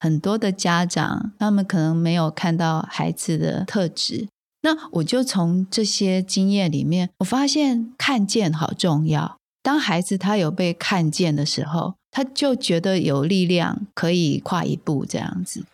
很多的家長，他們可能沒有看到孩子的特質。那我就從這些經驗裡面，我發現看見好重要。當孩子他有被看見的時候，他就覺得有力量可以跨一步這樣子。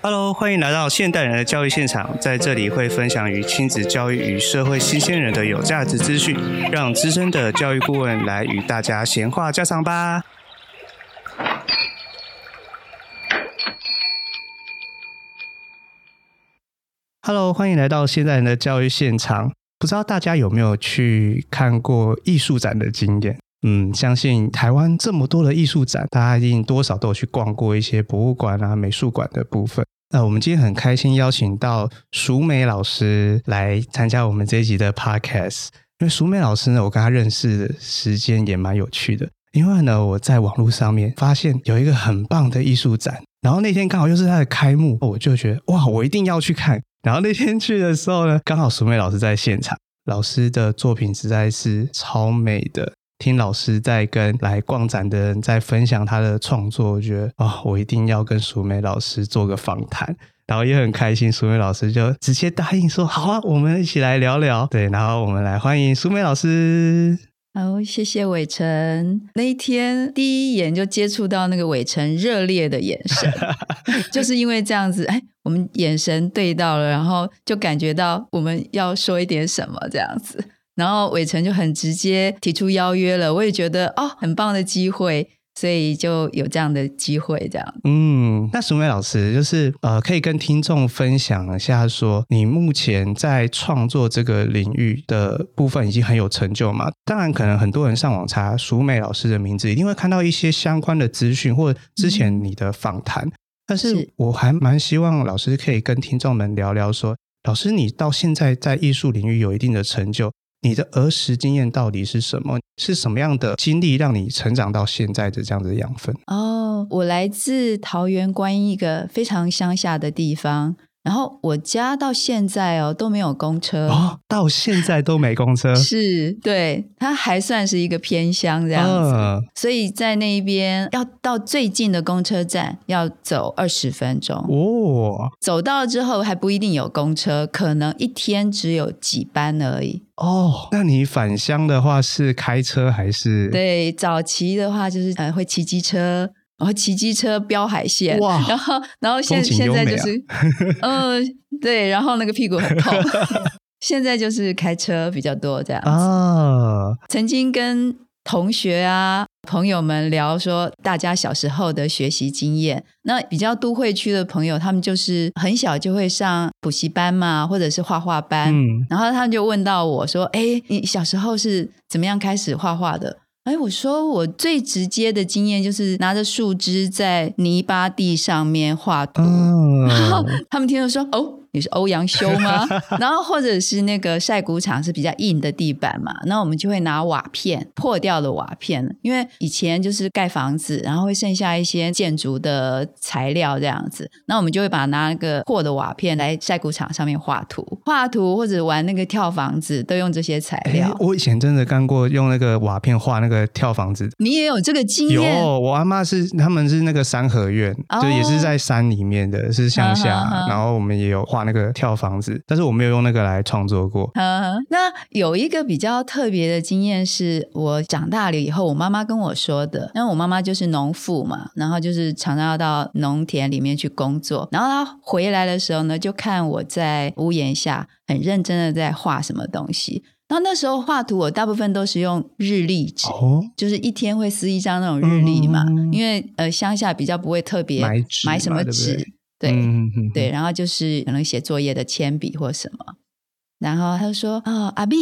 哈嘍，Hello, 歡迎來到現代人的教育現場，在這裡會分享與親子教育與社會新鮮人的有價值資訊，讓資深的教育顧問來與大家閒話家常吧。哈嘍，歡迎來到現代人的教育現場，不知道大家有沒有去看過藝術展的經驗？嗯，相信台灣這麼多的藝術展，大家一定多少都有去逛過一些博物館啊、美術館的部分。那我們今天很開心邀請到淑美老師來參加我們這一集的 Podcast，因為淑美老師呢，我跟他認識的時間也蠻有趣的。因為呢，我在網絡上面發現有一個很棒的藝術展，然後那天剛好又是他的開幕，我就覺得哇，我一定要去看。然後那天去的時候呢，剛好淑美老師在現場，老師的作品實在是超美的。聽老師在跟來逛展的人在分享他的創作，我覺得啊、哦，我一定要跟淑美老師做個訪談，然後也很開心，淑美老師就直接答應說好啊，我們一起來聊聊。對，然後我們來歡迎淑美老師。好，謝謝偉成。那一天第一眼就接觸到那個偉成熱烈的眼神， 就是因為這樣子，哎，我們眼神對到了，然後就感覺到我們要說一點什麼這樣子。然後偉成就很直接提出邀約了，我也覺得哦，很棒的機會，所以就有這樣的機會這樣。嗯，那淑美老師就是呃，可以跟聽眾分享一下說，說你目前在創作這個領域的部分已經很有成就嘛，當然，可能很多人上網查淑美老師的名字，一定會看到一些相關的資訊或者之前你的訪談。嗯、但是我還蠻希望老師可以跟聽眾們聊聊說，說是老師你到現在在藝術領域有一定的成就，你的兒時經驗到底是什麼？是什麼樣的經歷讓你成長到現在的這樣子的養分？哦，oh, 我來自桃園觀音，一個非常鄉下的地方。然後我家到現在哦都沒有公車，哦，到現在都沒公車， 是對，它還算是一個偏鄉這樣子，呃、所以在那邊要到最近的公車站要走二十分鐘哦，走到之後還不一定有公車，可能一天只有幾班而已哦。哦，那你返鄉的話是開車還是？對，早期的話就是呃會騎機車。然後騎機車飆海線哇然後然後現在、啊、現在就是，嗯、呃，對，然後那個屁股很痛。 現在就是開車比較多這樣子。啊、曾經跟同學啊朋友們聊說，大家小時候的學習經驗。那比較都會區的朋友，他們就是很小就會上補習班嘛，或者是畫畫班。嗯、然後他們就問到我說：“誒，你小時候是怎麼樣開始畫畫的？”哎，我說我最直接的經驗就是拿着樹枝在泥巴地上面畫圖，嗯、然後他們聽了說哦。你是歐陽修嗎？ 然後或者是那個曬穀場是比較硬的地板嘛，那我們就會拿瓦片，破掉的瓦片，因為以前就是蓋房子，然後會剩下一些建築的材料這樣子，那我們就會把拿那個破的瓦片來曬穀場上面畫圖，畫圖或者玩那個跳房子，都用這些材料。我以前真的幹過用那個瓦片畫那個跳房子，你也有這個經驗？哦，我阿嬤是他們是那個三合院，哦、就也是在山裡面的，是鄉下，啊、哈哈，然後我們也有畫。那個跳房子，但是我沒有用那個來創作過呵呵。那有一個比較特別的經驗，是我長大了以後，我媽媽跟我說的。因為我媽媽就是農婦嘛，然後就是常常要到農田裡面去工作。然後她回來的時候呢，就看我在屋檐下很認真的在畫什麼東西。然後那時候畫圖，我大部分都是用日曆紙，哦、就是一天會撕一張那種日曆嘛，嗯、因為呃，鄉下比較不會特別買什麼紙。對對，嗯、哼哼對，然後就是可能寫作業的鉛筆或什麼，然後他就說：“啊、哦，阿碧，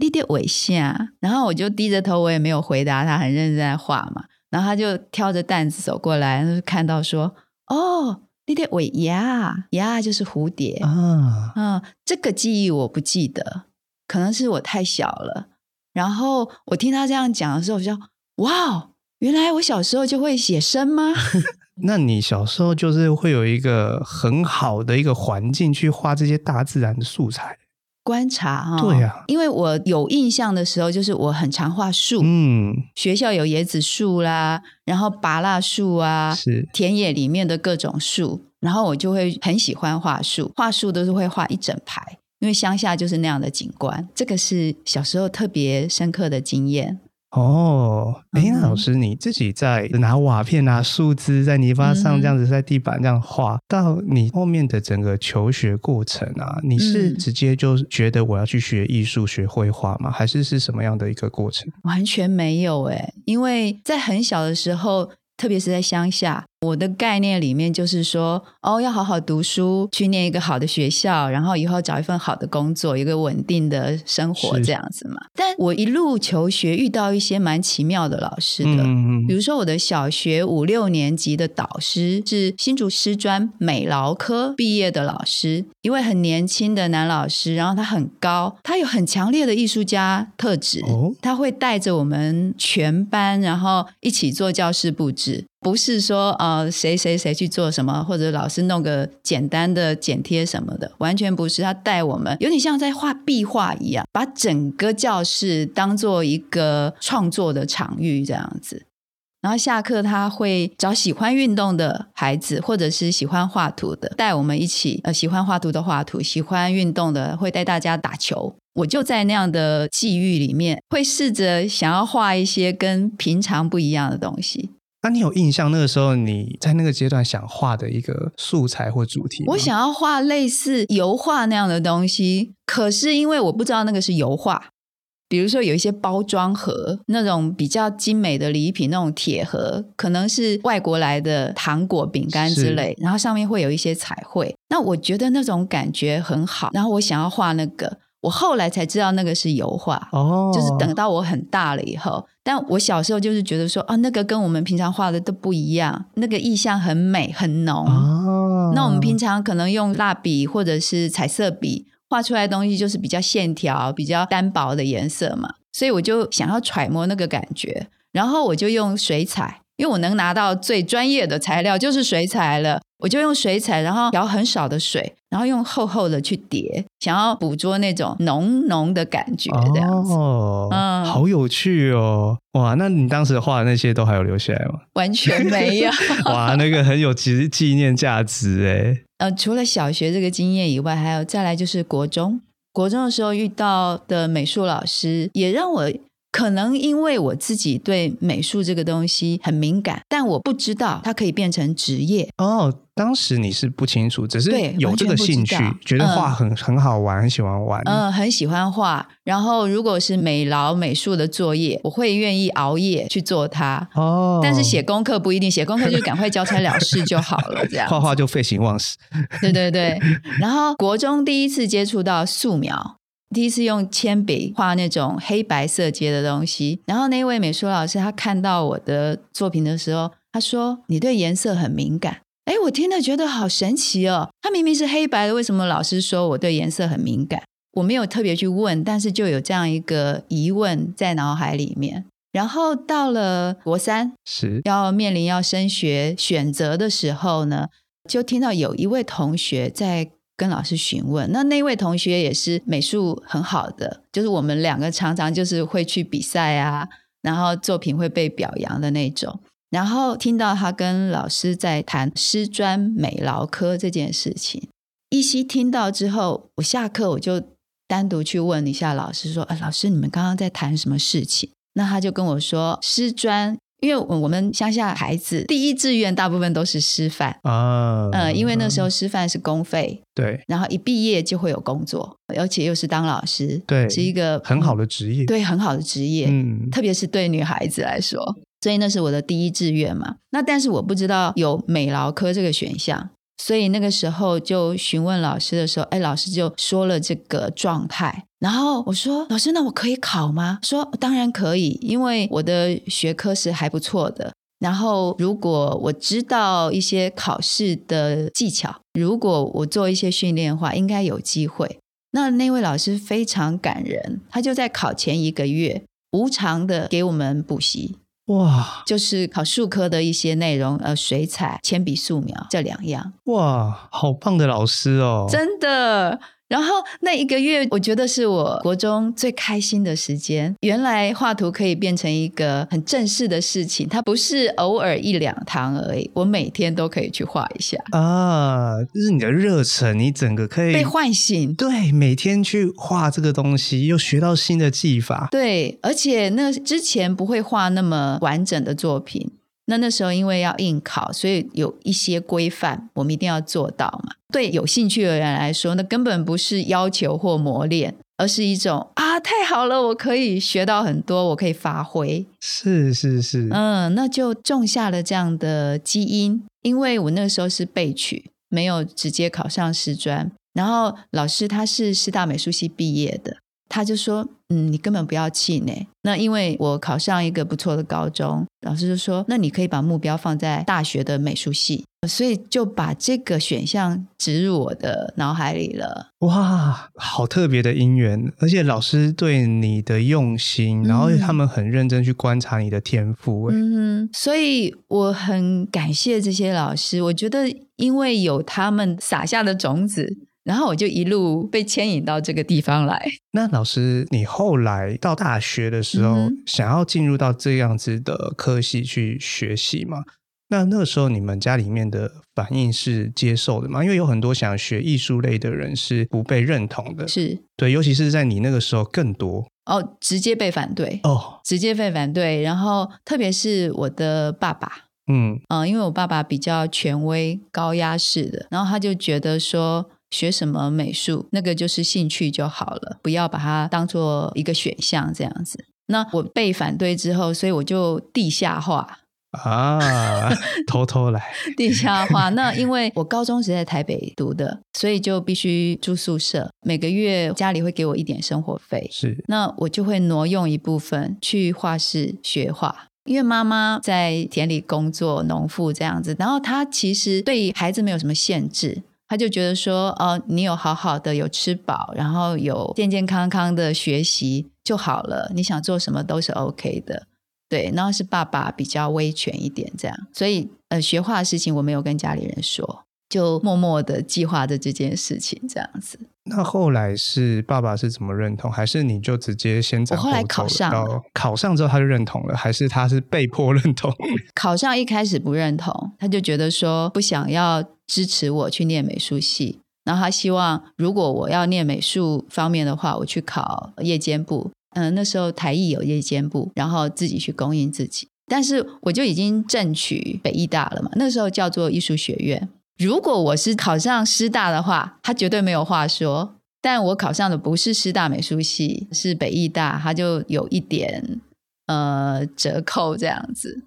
你得蝶尾下。”然後我就低着頭，我也沒有回答他，很認真的畫嘛。然後他就挑着擔子走過來，就看到說：“哦，你得尾呀，呀，就是蝴蝶啊。哦”嗯，這個記憶我不記得，可能是我太小了。然後我聽他這樣講的時候，我就覺得哇，原來我小時候就會寫生嗎？” 那你小時候就是會有一個很好的一個環境去畫這些大自然的素材，觀察哈、哦。對呀、啊，因為我有印象的時候，就是我很常畫樹。嗯，學校有椰子樹啦、啊，然後芭樂樹啊，是田野裡面的各種樹，然後我就會很喜歡畫樹，畫樹都是會畫一整排，因為鄉下就是那樣的景觀。這個是小時候特別深刻的經驗。哦，誒，老師，你自己在拿瓦片、拿樹枝在泥巴上這樣子，嗯、哼在地板這樣畫，到你後面的整個求學過程啊，你是直接就覺得我要去學藝術、學繪畫嗎？還是是什麼樣的一個過程？完全沒有誒，因為在很小的時候，特別是在鄉下。我的概念裡面就是說，哦，要好好讀書，去念一個好的學校，然後以後找一份好的工作，一個穩定的生活，是這樣子嘛。但我一路求學，遇到一些蠻奇妙的老師的，嗯，比如說我的小學五六年級的導師是新竹師專美勞科畢業的老師，一位很年輕的男老師，然後他很高，他有很強烈的藝術家特質，他會帶着我們全班，然後一起做教室布置。不是說呃，誰誰誰去做什麼，或者老師弄個簡單的剪貼什麼的，完全不是。他帶我們有點像在畫壁畫一樣，把整個教室當做一個創作的場域這樣子。然後下課他會找喜歡運動的孩子，或者是喜歡畫圖的，帶我們一起呃，喜歡畫圖的畫圖，喜歡運動的會帶大家打球。我就在那樣的際遇裡面，會試着想要畫一些跟平常不一樣的東西。那、啊、你有印象那個時候你在那個階段想畫的一個素材或主題？我想要畫類似油畫那樣的東西，可是因為我不知道那個是油畫。比如說有一些包裝盒，那種比較精美的禮品，那種鐵盒，可能是外國來的糖果、餅乾之類，是然後上面會有一些彩繪。那我覺得那種感覺很好，然後我想要畫那個。我後來才知道那個是油畫，Oh. 就是等到我很大了以後，但我小時候就是覺得說啊，那個跟我們平常畫的都不一樣，那個意象很美很濃。Oh. 那我們平常可能用蠟筆或者是彩色筆畫出來的東西，就是比較線條比較單薄的顏色嘛，所以我就想要揣摩那個感覺，然後我就用水彩，因為我能拿到最專業的材料就是水彩了。我就用水彩，然後舀很少的水，然後用厚厚的去疊，想要捕捉那種濃濃的感覺、哦、這樣子。嗯，好有趣哦，哇！那你當時畫的那些都還有留下來嗎？完全沒有。 哇，那個很有紀紀念價值哎 、呃。除了小學這個經驗以外，還有再來就是國中國中的時候遇到的美術老師，也讓我。可能因為我自己對美術這個東西很敏感，但我不知道它可以變成職業。哦，當時你是不清楚，只是有這個興趣，覺得畫很、嗯、很好玩，很喜歡玩。嗯，很喜歡畫。然後如果是美勞美術的作業，我會願意熬夜去做它。哦，但是寫功課不一定，寫功課就趕快交差了事就好了。 這樣畫畫就廢寢忘食。 對對對。然後國中第一次接觸到素描。第一次用鉛筆畫那種黑白色階的東西，然後那位美術老師他看到我的作品的時候，他說：“你對顏色很敏感。”欸，哎，我聽了覺得好神奇哦。他明明是黑白的，為什麼老師說我對顏色很敏感？我沒有特別去問，但是就有這樣一個疑問在腦海裡面。然後到了國三，是，要面臨要升學選擇的時候呢，就聽到有一位同學在。跟老師詢問，那那位同學也是美術很好的，就是我們兩個常常就是會去比賽啊，然後作品會被表揚的那種。然後聽到他跟老師在談師專美勞科這件事情，依稀聽到之後，我下課我就單獨去問一下老師，說：“哎、啊，老師，你們剛剛在談什麼事情？”那他就跟我說：“師專。”因為我們鄉下孩子第一志願大部分都是師範啊，嗯，因為那時候師範是公費，對，然後一畢業就會有工作，而且又是當老師，對，是一個很好的職業，對，很好的職業，嗯，特別是對女孩子來說，所以那是我的第一志願嘛。那但是我不知道有美勞科這個選項，所以那個時候就詢問老師的時候，哎，老師就說了這個狀態。然後我說：“老師，那我可以考嗎？”說：“當然可以，因為我的學科是還不錯的。然後如果我知道一些考試的技巧，如果我做一些訓練的話，應該有機會。”那那位老師非常感人，他就在考前一個月無償的給我們補習。哇，就是考術科的一些內容，呃，水彩、鉛筆素描這兩樣。哇，好棒的老師哦！真的。然後那一個月，我覺得是我國中最開心的時間。原來畫圖可以變成一個很正式的事情，它不是偶爾一兩堂而已，我每天都可以去畫一下。啊，就是你的熱忱，你整個可以被喚醒。對，每天去畫這個東西，又學到新的技法。對，而且那之前不會畫那麼完整的作品。那那時候因為要應考，所以有一些規範，我們一定要做到嘛。對有興趣的人來說，那根本不是要求或磨練，而是一種啊，太好了，我可以學到很多，我可以發揮。是是是，是是，嗯，那就種下了這樣的基因。因為我那時候是備取，沒有直接考上師專，然後老師他是師大美術系畢業的。他就說：“嗯，你根本不要氣餒。那因為我考上一個不錯的高中，老師就說：‘那你可以把目標放在大學的美術系。’所以就把這個選項植入我的腦海裡了。哇，好特別的因緣！而且老師對你的用心，嗯、然後他們很認真去觀察你的天賦。嗯哼，所以我很感謝這些老師。我覺得因為有他們撒下的種子。”然後我就一路被牽引到這個地方來。那老師，你後來到大學的時候，嗯、哼想要進入到這樣子的科系去學習嗎？那那個時候，你們家裡面的反應是接受的嗎？因為有很多想學藝術類的人是不被認同的，是，對，尤其是在你那個時候更多哦，直接被反對哦，直接被反對。然後，特別是我的爸爸，嗯嗯、呃，因為我爸爸比較權威、高壓式的，然後他就覺得說。學什麼美術，那個就是興趣就好了，不要把它當做一個選項這樣子。那我被反對之後，所以我就地下化啊，偷偷來 地下化。那因為我高中是在台北讀的，所以就必須住宿舍，每個月家裡會給我一點生活費，是那我就會挪用一部分去畫室學畫。因為媽媽在田裡工作，農婦這樣子，然後她其實對孩子沒有什麼限制。他就覺得說，哦，你有好好的有吃飽，然後有健健康康的學習就好了。你想做什麼都是 OK 的，對。然後是爸爸比較威權一點，這樣。所以，呃，學畫的事情我沒有跟家裡人說，就默默的計劃的這件事情這樣子。那後來是爸爸是怎麼認同，還是你就直接先走？我後來考上了，考上之後他就認同了，還是他是被迫認同？ 考上一開始不認同，他就覺得說不想要。支持我去念美術系，然後他希望如果我要念美術方面的話，我去考夜間部。嗯、呃，那時候台藝有夜間部，然後自己去供應自己。但是我就已經爭取北藝大了嘛，那時候叫做藝術學院。如果我是考上師大的話，他絕對沒有話說。但我考上的不是師大美術系，是北藝大，他就有一點呃折扣這樣子。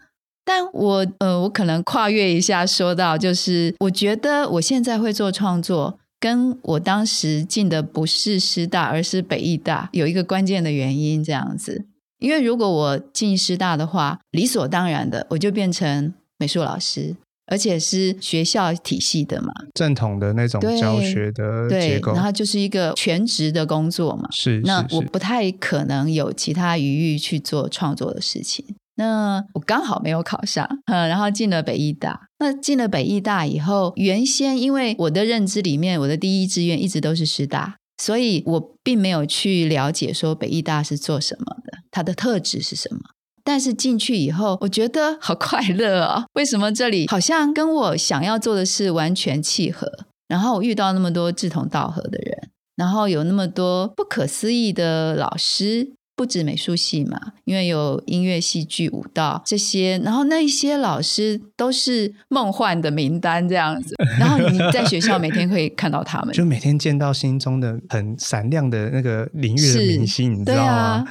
但我呃，我可能跨越一下說到，就是我覺得我現在會做創作，跟我當時進的不是師大，而是北藝大，有一個關鍵的原因這樣子。因為如果我進師大的話，理所當然的，我就變成美術老師，而且是學校體系的嘛，正統的那種教學的結構。對，對，然後就是一個全職的工作嘛。是，是，是。那我不太可能有其他餘裕去做創作的事情。那我剛好沒有考上，嗯，然後進了北藝大。那進了北藝大以後，原先因為我的認知裡面，我的第一志願一直都是師大，所以我並沒有去了解說北藝大是做什麼的，它的特質是什麼。但是進去以後，我覺得好快樂啊、哦！為什麼這裡好像跟我想要做的事完全契合？然後我遇到那麼多志同道合的人，然後有那麼多不可思議的老師。不止美術系嘛，因為有音樂、戲劇、舞蹈這些，然後那一些老師都是夢幻的名單這樣子。然後你在學校每天可以看到他們， 就每天見到心中的很閃亮的那個領域的明星，是你知道嗎？啊、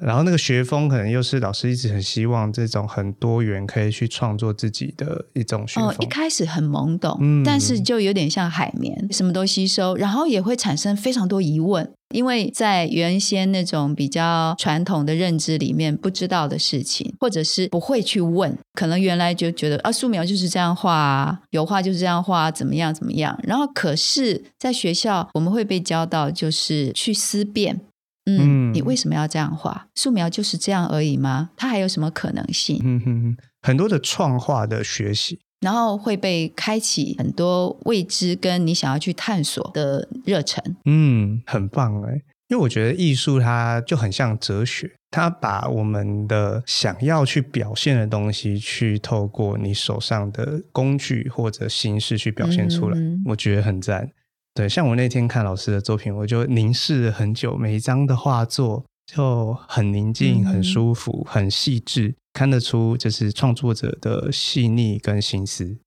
然後那個學風可能又是老師一直很希望這種很多元可以去創作自己的一種學風。哦，一開始很懵懂，嗯、但是就有點像海綿，什麼都吸收，然後也會產生非常多疑問。因為在原先那種比較傳統的認知裡面，不知道的事情，或者是不會去問，可能原來就覺得啊，素描就是這樣畫，啊，油畫就是這樣畫，啊，怎麼樣怎麼樣。然後可是，在學校，我們會被教到，就是去思辨，嗯，嗯，你為什麼要這樣畫？素描就是這樣而已嗎？它還有什麼可能性？嗯，很多的創畫的學習。然後會被開啟很多未知跟你想要去探索的熱忱，嗯，很棒哎，因為我覺得藝術它就很像哲學，它把我們的想要去表現的東西，去透過你手上的工具或者形式去表現出來，嗯嗯，我覺得很讚。對，像我那天看老師的作品，我就凝視了很久每一張的畫作。就很寧靜、很舒服、很細緻，嗯、看得出就是創作者的細膩跟心思。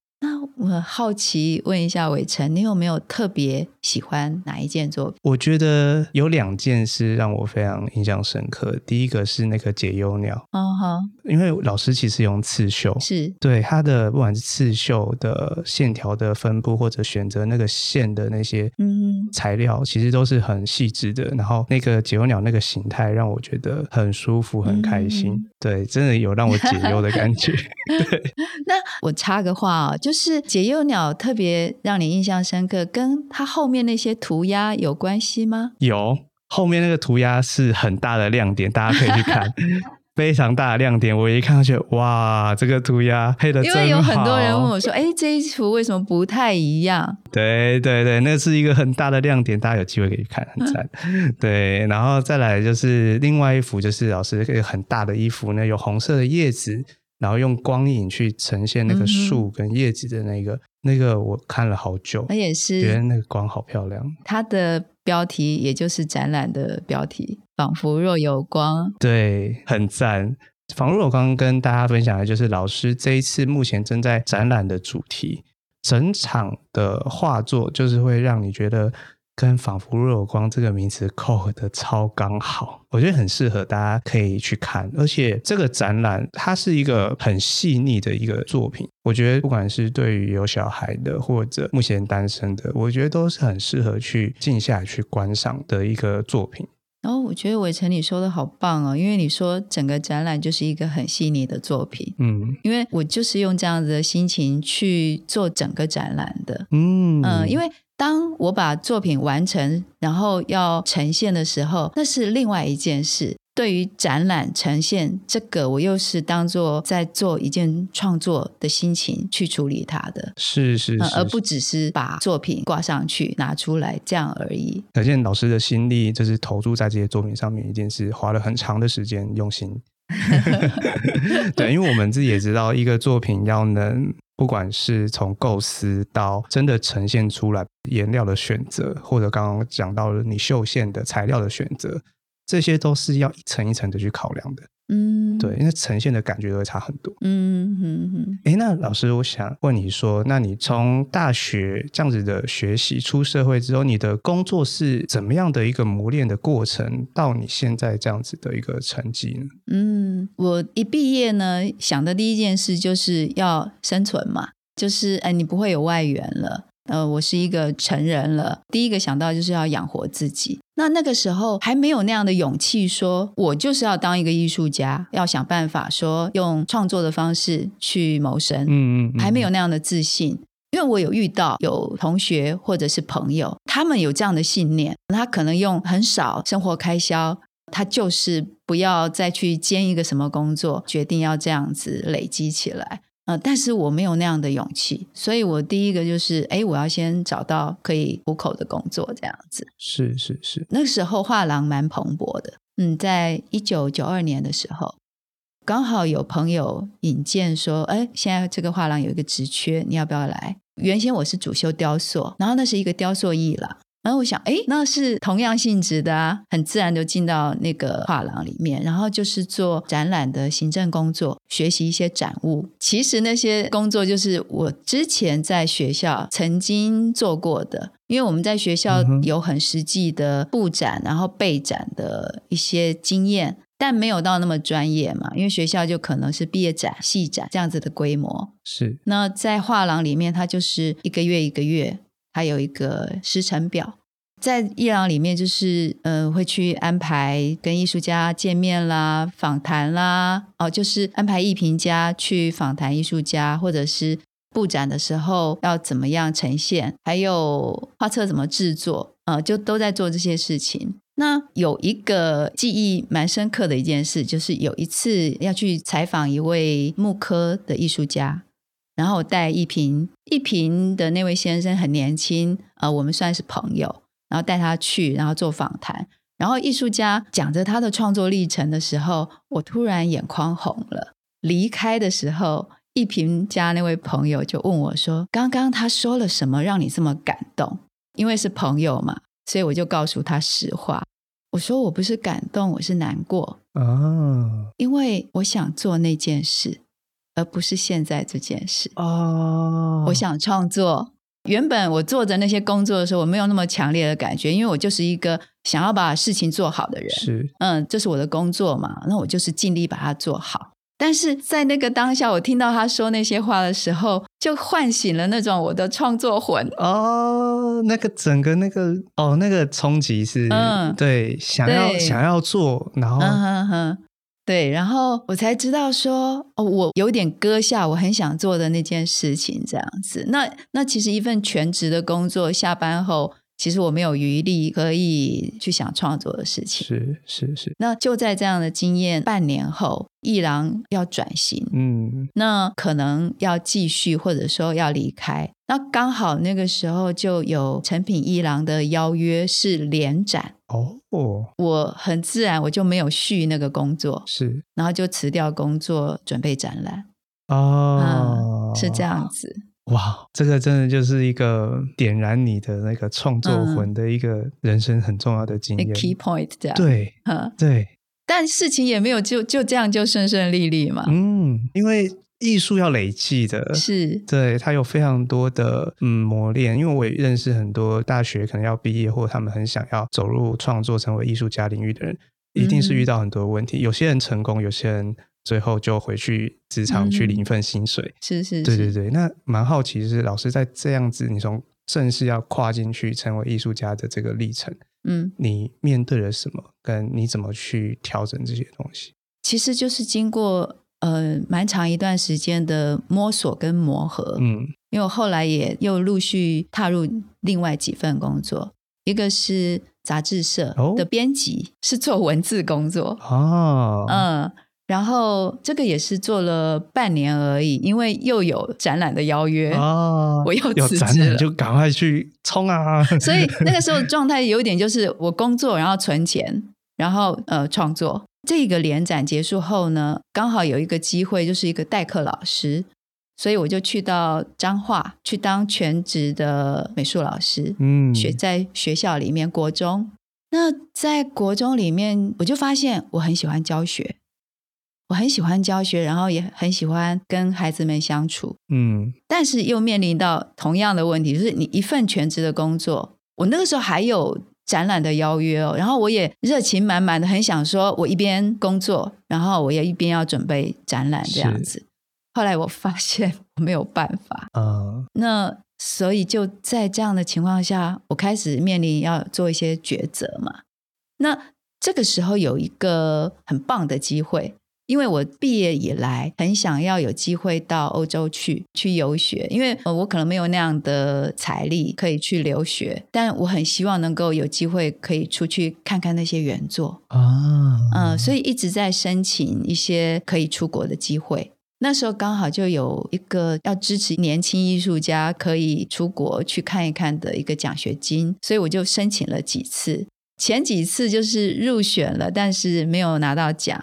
我很好奇問一下偉成，你有沒有特別喜歡哪一件作品？我覺得有兩件是讓我非常印象深刻。第一個是那個解憂鳥，哦哈，哦，因為老師其實用刺繡，是對它的不管是刺繡的線條的分布，或者選擇那個線的那些嗯材料，嗯、其實都是很細緻的。然後那個解憂鳥那個形態，讓我覺得很舒服，很開心。嗯對，真的有讓我解憂的感覺。 對那我插個話啊、哦，就是解憂鳥特別讓你印象深刻，跟它後面那些塗鴉有關係嗎？有，後面那個塗鴉是很大的亮點，大家可以去看。 非常大的亮點，我一看到覺得，哇，這個塗鴉配得真好。因為有很多人問我說：“哎，這一幅為什麼不太一樣？”對對對，那是一個很大的亮點，大家有機會可以看，很讚。嗯、對，然後再來就是另外一幅，就是老師一個很大的一幅，那有紅色的葉子。然後用光影去呈現那個樹跟葉子的那個、嗯、哼那個，我看了好久，也是覺得那個光好漂亮。它的標題也就是展覽的標題，仿佛若有光。對，很讚。仿佛我剛剛跟大家分享的就是老師這一次目前正在展覽的主題，整場的畫作就是會讓你覺得。跟“彷彿若有光”這個名字扣合得超剛好，我覺得很適合大家可以去看。而且這個展覽它是一個很細膩的一個作品，我覺得不管是對於有小孩的或者目前單身的，我覺得都是很適合去靜下去觀賞的一個作品。然後、哦、我覺得偉成你說的好棒哦，因為你說整個展覽就是一個很細膩的作品，嗯，因為我就是用這樣子的心情去做整個展覽的，嗯嗯、呃，因為。當我把作品完成，然後要呈現的時候，那是另外一件事。對於展覽呈現這個，我又是當做在做一件創作的心情去處理它的是是，是，是、嗯，而不只是把作品掛上去拿出來這樣而已。可見老師的心力就是投注在這些作品上面一，一定是花了很長的時間用心。 對，因為我們自己也知道，一個作品要能。不管是從構思到真的呈現出來，顏料的選擇，或者剛剛講到了你繡線的材料的選擇。這些都是要一層一層的去考量的，嗯，對，因為呈現的感覺都會差很多，嗯哼哼。哎、嗯嗯欸，那老師，我想問你說，那你從大學這樣子的學習，出社會之後，你的工作是怎麼樣的一個磨練的過程，到你現在這樣子的一個成績呢？嗯，我一畢業呢，想的第一件事就是要生存嘛，就是哎、欸，你不會有外援了。呃，我是一個成人了，第一個想到就是要養活自己。那那個時候還沒有那樣的勇氣說，說我就是要當一個藝術家，要想辦法說用創作的方式去謀生。嗯，嗯嗯，還沒有那樣的自信，因為我有遇到有同學或者是朋友，他們有這樣的信念，他可能用很少生活開銷，他就是不要再去兼一個什麼工作，決定要這樣子累積起來。呃，但是我沒有那樣的勇氣，所以我第一個就是，哎，我要先找到可以糊口的工作，這樣子。是是是，是是那時候畫廊蠻蓬勃的，嗯，在一九九二年的時候，剛好有朋友引薦說，哎，現在這個畫廊有一個職缺，你要不要來？原先我是主修雕塑，然後那是一個雕塑藝廊。然後我想，哎，那是同樣性質的啊，很自然就進到那個畫廊裡面，然後就是做展覽的行政工作，學習一些展物。其實那些工作就是我之前在學校曾經做過的，因為我們在學校有很實際的布展，嗯、哼然後備展的一些經驗，但沒有到那麼專業嘛，因為學校就可能是畢業展、系展這樣子的規模。是，那在畫廊裡面，它就是一個月一個月。還有一個時程表，在藝廊裡面就是，呃，會去安排跟藝術家見面啦、訪談啦，哦、呃，就是安排藝評家去訪談藝術家，或者是布展的時候要怎麼樣呈現，還有畫冊怎麼制作，呃，就都在做這些事情。那有一個記憶蠻深刻的一件事，就是有一次要去採訪一位木刻的藝術家。然後我帶一平，一平的那位先生很年輕，呃，我們算是朋友。然後帶他去，然後做訪談。然後藝術家講着他的創作歷程的時候，我突然眼眶紅了。離開的時候，一平家那位朋友就問我說：“剛剛他說了什麼，讓你這麼感動？”因為是朋友嘛，所以我就告訴他實話。我說：“我不是感動，我是難過啊，因為我想做那件事。”而不是現在這件事哦，我想創作。原本我做着那些工作的時候，我沒有那麼強烈的感覺，因為我就是一個想要把事情做好的人。是，嗯，這是我的工作嘛，那我就是盡力把它做好。但是在那個當下，我聽到他說那些話的時候，就喚醒了那種我的創作魂。哦，那個整個那個哦，那個衝擊是，嗯、對，想要對想要做，然後。嗯嗯嗯對，然後我才知道說，哦，我有點擱下我很想做的那件事情，這樣子。那那其實一份全職的工作，下班後其實我沒有餘力可以去想創作的事情。是是是。是是，那就在這樣的經驗半年後，藝廊要轉型，嗯，那可能要繼續或者說要離開。那剛好那個時候就有誠品藝廊的邀約是聯展。哦，oh, 我很自然，我就沒有續那個工作，是，然後就辭掉工作，準備展覽哦，oh, uh, 是這樣子，哇，wow, 這個真的就是一個點燃你的那個創作魂的一個人生很重要的經歷 key point，這樣，對，uh, 對，但事情也沒有就就這樣就順順利利嘛，嗯，因為。藝術要累積的，是對他有非常多的嗯磨練，因為我也認識很多大學可能要畢業，或他們很想要走入創作，成為藝術家領域的人，一定是遇到很多問題。嗯、有些人成功，有些人最後就回去職場去領一份薪水、嗯。是是，是，對對對。那蠻好奇是老師在這樣子，你從正式要跨進去成為藝術家的這個歷程，嗯，你面對了什麼？跟你怎麼去調整這些東西？其實就是經過。呃，蠻長一段時間的摸索跟磨合，嗯，因為我後來也又陸續踏入另外幾份工作，一個是雜誌社的編輯，哦、是做文字工作啊，哦、嗯，然後這個也是做了半年而已，因為又有展覽的邀約啊，哦、我又有展覽就趕快去衝啊， 所以那個時候狀態有一點就是我工作，然後存錢，然後呃創作。這個聯展結束後呢，剛好有一個機會，就是一個代課老師，所以我就去到彰化去當全職的美術老師。嗯，學在學校裡面，國中，那在國中裡面，我就發現我很喜歡教學，我很喜歡教學，然後也很喜歡跟孩子們相處。嗯，但是又面臨到同樣的問題，就是你一份全職的工作，我那個時候還有。展覽的邀約哦，然後我也熱情滿滿的，很想說，我一邊工作，然後我也一邊要準備展覽這樣子。是後來我發現我沒有辦法，嗯，那所以就在這樣的情況下，我開始面臨要做一些抉擇嘛。那這個時候有一個很棒的機會。因為我畢業以來很想要有機會到歐洲去去遊學，因為我可能沒有那樣的財力可以去留學，但我很希望能夠有機會可以出去看看那些原作啊，Oh. 嗯，所以一直在申請一些可以出國的機會。那時候剛好就有一個要支持年輕藝術家可以出國去看一看的一個獎學金，所以我就申請了幾次，前幾次就是入選了，但是沒有拿到獎。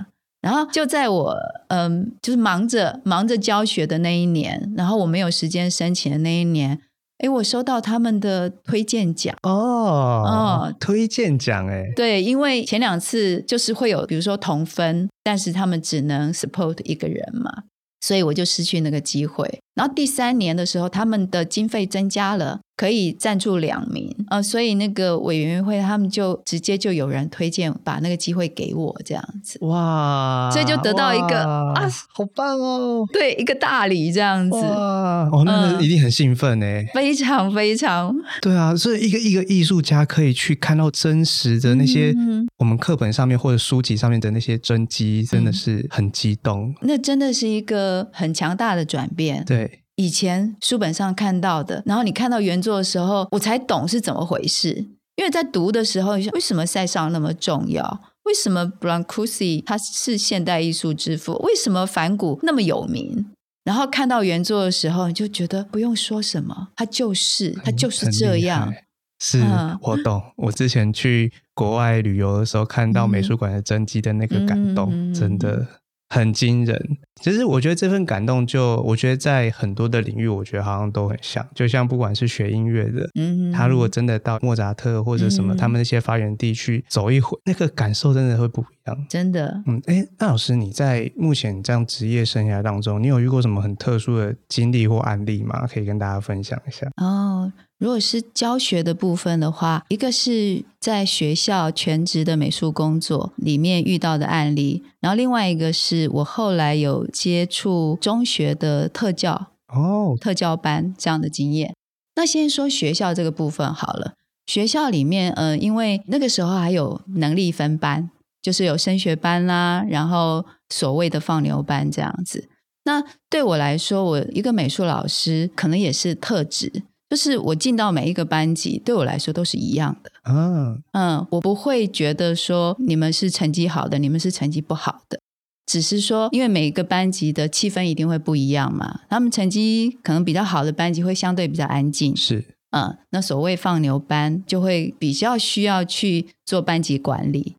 然後就在我嗯，就是忙着忙着教學的那一年，然後我沒有時間申請的那一年，哎，我收到他們的推薦獎哦，oh, oh, 推薦獎哎，對，因為前兩次就是會有比如說同分，但是他們只能 support 一個人嘛，所以我就失去那個機會。然後第三年的時候，他們的經費增加了，可以贊助兩名啊、呃，所以那個委員會他們就直接就有人推薦，把那個機會給我這樣子。哇！所以就得到一個哇啊，好棒哦！對，一個大禮這樣子。哇！哦，那，那一定很興奮呢、呃。非常非常。對啊，所以一個一個藝術家可以去看到真實的那些我們課本上面或者書籍上面的那些真跡，真的是很激動、嗯。那真的是一個很強大的轉變，對。以前書本上看到的，然後你看到原作的時候，我才懂是怎麼回事。因為在讀的時候，你為什麼塞尚那麼重要？為什麼布朗庫西他是現代藝術之父？為什麼梵谷那麼有名？然後看到原作的時候，你就覺得不用說什麼，他就是，他就是這樣。很很厲害。是、嗯、我懂。我之前去國外旅遊的時候，看到美術館的真跡的那個感動，真的。很驚人，其實我覺得這份感動就，就我覺得在很多的領域，我覺得好像都很像，就像不管是學音樂的，嗯哼，他如果真的到莫扎特或者什麼他們那些發源地區走一回，嗯、哼那個感受真的會不一樣，真的。嗯，哎，那老師你在目前這樣職業生涯當中，你有遇過什麼很特殊的經歷或案例嗎？可以跟大家分享一下哦。如果是教學的部分的話，一個是在學校全職的美術工作裡面遇到的案例，然後另外一個是我後來有接觸中學的特教哦，oh. 特教班這樣的經驗。那先說學校這個部分好了，學校裡面，嗯、呃，因為那個時候還有能力分班，就是有升學班啦、啊，然後所謂的放牛班這樣子。那對我來說，我一個美術老師可能也是特職。就是我進到每一個班級，對我來說都是一樣的嗯、啊、嗯，我不會覺得說你們是成績好的，你們是成績不好的，只是說因為每一個班級的氣氛一定會不一樣嘛。他們成績可能比較好的班級會相對比較安靜，是嗯。那所謂放牛班就會比較需要去做班級管理。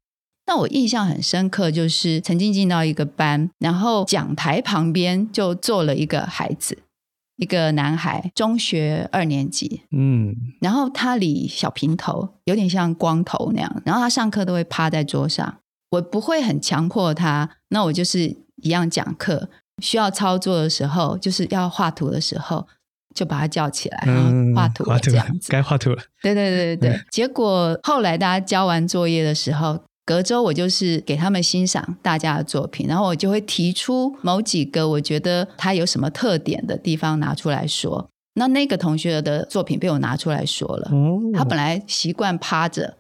那我印象很深刻，就是曾經進到一個班，然後講台旁邊就坐了一個孩子。一個男孩，中學二年級，嗯，然後他理小平頭，有點像光頭那樣。然後他上課都會趴在桌上，我不會很強迫他，那我就是一樣講課。需要操作的時候，就是要畫圖的時候，就把他叫起來，嗯，畫圖，畫圖，該畫圖了。對對對對對，嗯，結果後來大家交完作業的時候。隔週我就是給他們欣賞大家的作品，然後我就會提出某幾個我覺得他有什麼特點的地方拿出來說。那那個同學的作品被我拿出來說了，他本來習慣趴着，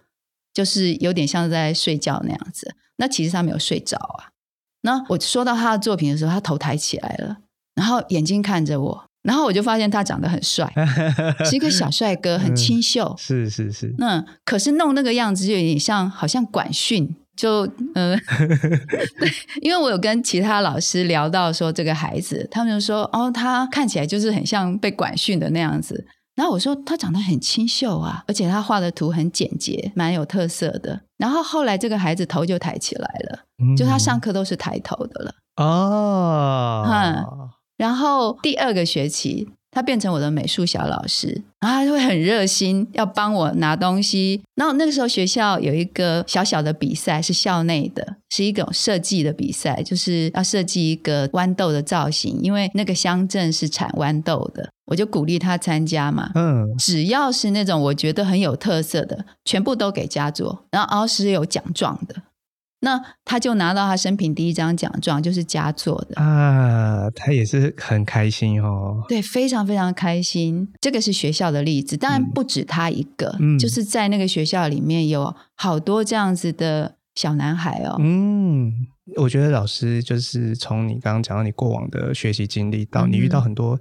就是有點像在睡覺那樣子。那其實他沒有睡着。啊，那我說到他的作品的時候，他頭抬起來了，然後眼睛看着我。然後我就發現他長得很帥， 是一個小帥哥，很清秀，嗯。是是是。那、嗯、可是弄那個樣子就有點像，好像管訓。就嗯， 對，因為我有跟其他老師聊到說這個孩子，他們就說哦，他看起來就是很像被管訓的那樣子。然後我說他長得很清秀啊，而且他畫的圖很簡潔，蠻有特色的。然後後來這個孩子頭就抬起來了，嗯、就他上課都是抬頭的了。哦，嗯然後第二個學期，他變成我的美術小老師，然後他就會很熱心，要幫我拿東西。然後那個時候學校有一個小小的比賽，是校內的，是一種設計的比賽，就是要設計一個豌豆的造型。因為那個鄉鎮是產豌豆的，我就鼓勵他參加嘛。嗯，只要是那種我覺得很有特色的，全部都給佳作。然後老師有獎狀的。那他就拿到他生平第一張獎狀，就是佳作的啊，他也是很開心哦。對，非常非常開心。這個是學校的例子，當然不止他一個，嗯嗯、就是在那個學校裡面有好多這樣子的小男孩哦。嗯，我覺得老師就是從你剛剛講到你過往的學習經歷，到你遇到很多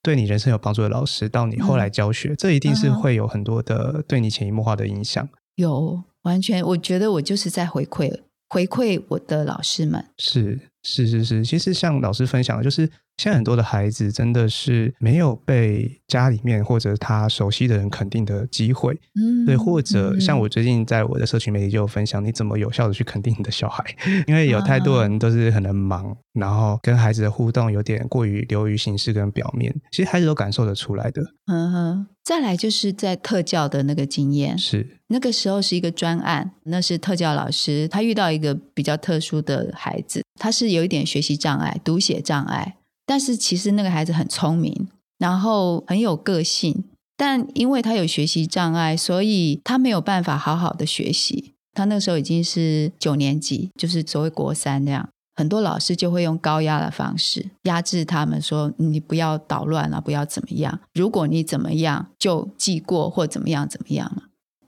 對你人生有幫助的老師，到你後來教學，嗯嗯嗯、這一定是會有很多的對你潛移默化的影響。有，完全，我覺得我就是在回饋了。回饋我的老師們，是。是是是，其實像老師分享的，就是現在很多的孩子真的是沒有被家裡面或者他熟悉的人肯定的機會，嗯，對，或者像我最近在我的社群媒體就有分享，你怎麼有效的去肯定你的小孩？因為有太多人都是可能忙，嗯、然後跟孩子的互動有點過於流於形式跟表面，其實孩子都感受得出來的。嗯哼、嗯，再來就是在特教的那個經驗，是那個時候是一個專案，那是特教老師他遇到一個比較特殊的孩子，他是。有一點學習障礙，讀寫障礙，但是其實那個孩子很聰明，然後很有個性，但因為他有學習障礙，所以他沒有辦法好好的學習。他那時候已經是九年級，就是所謂國三那樣，很多老師就會用高壓的方式壓制他們說，說你不要搗亂了、啊，不要怎麼樣，如果你怎麼樣就記過或怎麼樣怎麼樣、啊。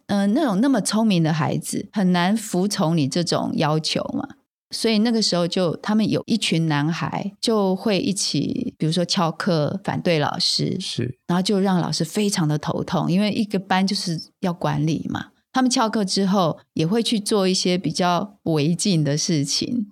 嗯、呃，那種那麼聰明的孩子很難服從你這種要求嘛。所以那個時候就，就他們有一群男孩，就會一起，比如說翹課、反對老師，是，然後就讓老師非常的頭痛，因為一個班就是要管理嘛。他們翹課之後，也會去做一些比較違禁的事情。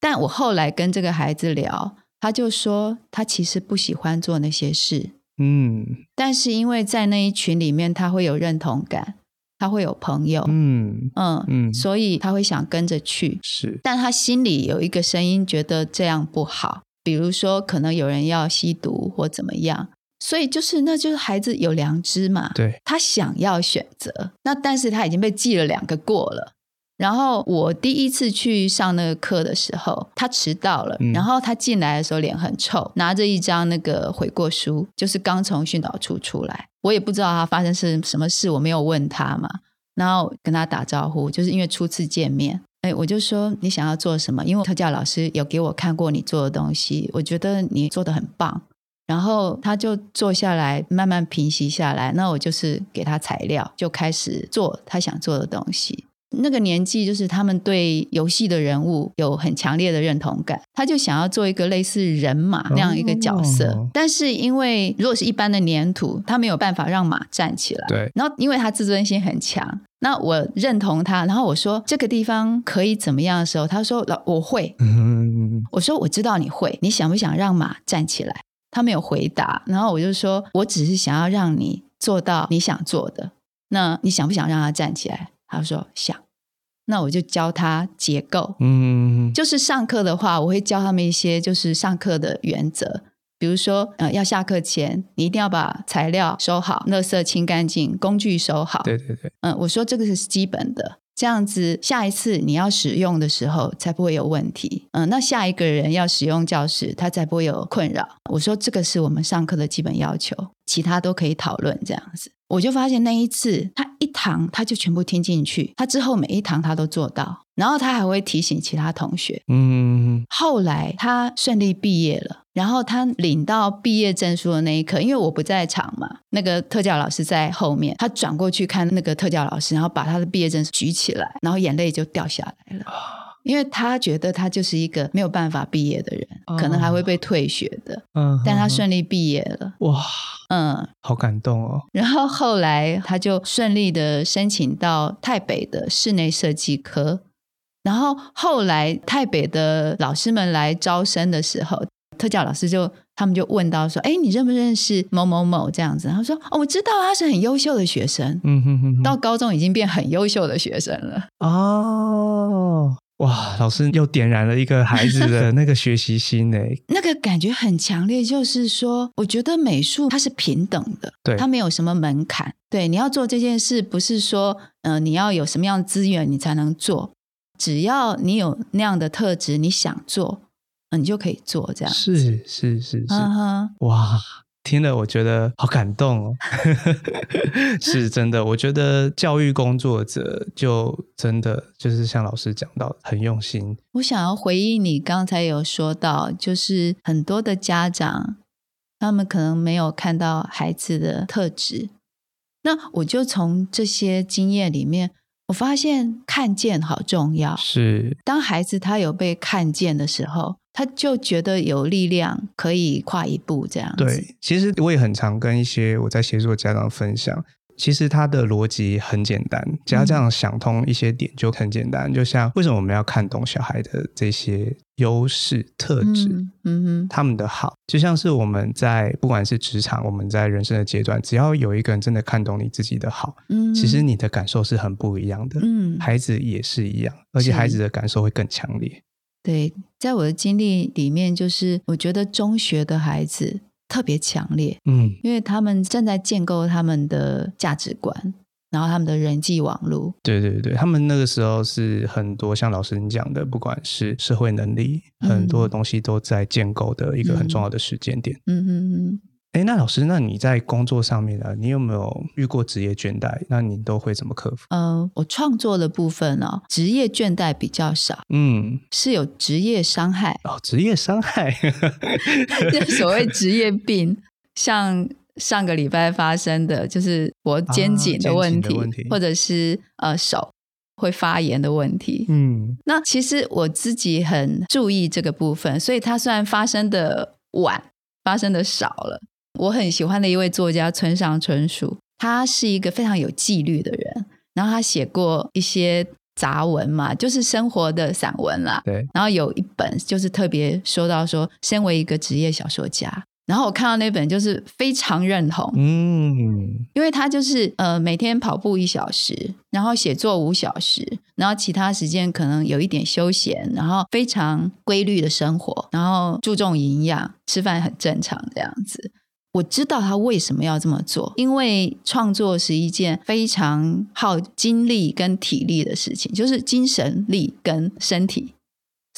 但我後來跟這個孩子聊，他就說他其實不喜歡做那些事，嗯，但是因為在那一群裡面，他會有認同感。他會有朋友，嗯嗯嗯，嗯嗯，所以他會想跟着去，是，但他心裡有一個聲音，覺得這樣不好，比如說可能有人要吸毒或怎麼樣，所以就是，那就是孩子有良知嘛，對，他想要選擇，那但是他已經被記了兩個過了。然後我第一次去上那個課的時候，他遲到了。嗯。然後他進來的時候臉很臭，拿着一張那個悔過書，就是剛從訓導處出來。我也不知道他發生是什麼事，我沒有問他嘛。然後跟他打招呼，就是因為初次見面，哎，我就說你想要做什麼？因為特教老師有給我看過你做的東西，我覺得你做的很棒。然後他就坐下來，慢慢平息下來。那我就是給他材料，就開始做他想做的東西。那個年紀就是他們對遊戲的人物有很強烈的認同感，他就想要做一個類似人馬那樣一個角色，oh. 但是因為如果是一般的粘土，他沒有辦法讓馬站起來。對，然後因為他自尊心很強，那我認同他，然後我說這個地方可以怎麼樣的時候，他說老，我會。嗯， 我說我知道你會，你想不想讓馬站起來？他沒有回答，然後我就說我只是想要讓你做到你想做的，那你想不想讓他站起來？他說想，那我就教他結構。嗯，嗯，嗯，就是上課的話，我會教他們一些就是上課的原則，比如說呃，要下課前你一定要把材料收好，垃圾清乾淨，工具收好。對對對，嗯、呃，我說這個是基本的，這樣子下一次你要使用的時候才不會有問題。嗯、呃，那下一個人要使用教室，他才不會有困擾。我說這個是我們上課的基本要求，其他都可以討論這樣子。我就發現那一次，他一堂他就全部聽進去，他之後每一堂他都做到，然後他還會提醒其他同學。嗯，嗯，嗯，後來他順利畢業了，然後他領到畢業證書的那一刻，因為我不在場嘛，那個特教老師在後面，他轉過去看那個特教老師，然後把他的畢業證舉起來，然後眼淚就掉下來了。因為他覺得他就是一個沒有辦法畢業的人，哦、可能還會被退學的。嗯，但他順利畢業了。哇，嗯，好感動哦。然後後來他就順利的申請到泰北的室內設計科。然後後來泰北的老師們來招生的時候，特教老師就他們就問到說：“哎，你認不認識某某某這樣子？”然後說：“哦，我知道他是很優秀的學生。嗯、哼哼哼。到高中已經變很優秀的學生了。哦。”哇，老師又點燃了一個孩子的那個學習心嘞、欸！ 那個感覺很強烈，就是說，我覺得美術它是平等的，對，它沒有什麼門檻。對，你要做這件事，不是說，嗯、呃，你要有什麼樣的資源你才能做，只要你有那樣的特質，你想做，嗯、呃，你就可以做。這樣。是，是，是，是，是是是呵呵哇！聽了，我覺得好感動哦， 是真的。我覺得教育工作者就真的就是像老師講到，很用心。我想要回應你剛才有說到，就是很多的家長，他們可能沒有看到孩子的特質。那我就從這些經驗裡面。我發現看見好重要，是，當孩子他有被看見的時候，他就覺得有力量可以跨一步這樣子。對，其實我也很常跟一些我在協助家長分享。其實他的邏輯很簡單，只要這樣想通一些點就很簡單。嗯、就像為什麼我們要看懂小孩的這些優勢特質嗯？嗯哼，他們的好，就像是我們在不管是職場，我們在人生的階段，只要有一個人真的看懂你自己的好，嗯哼，其實你的感受是很不一樣的。嗯，孩子也是一樣，而且孩子的感受會更強烈。對，在我的經歷裡面，就是我覺得中學的孩子。特別強烈，嗯，因為他們正在建構他們的價值觀，然後他們的人際網絡，對對對，他們那個時候是很多像老師您講的，不管是社會能力，很多東西都在建構的一個很重要的時間點，嗯嗯嗯，嗯嗯嗯哎，那老師，那你在工作上面呢、啊、你有沒有遇過職業倦怠？那你都會怎麼克服？呃，我創作的部分呢、哦、職業倦怠比較少。嗯，是有職業傷害哦，職業傷害， 所謂職業病，像上個禮拜發生的就是脖肩頸的問題，啊、問題或者是呃手會發炎的問題。嗯，那其實我自己很注意這個部分，所以它雖然發生得晚，發生得少了。我很喜歡的一位作家村上春樹，他是一個非常有紀律的人。然後他寫過一些雜文嘛，就是生活的散文啦。對。然後有一本就是特別說到說，身為一個職業小說家，然後我看到那本就是非常認同。嗯。因為他就是呃每天跑步一小時，然後寫作五小時，然後其他時間可能有一點休閒，然後非常規律的生活，然後注重營養，吃飯很正常這樣子。我知道他為什麼要這麼做，因為創作是一件非常耗精力跟體力的事情，就是精神力跟身體。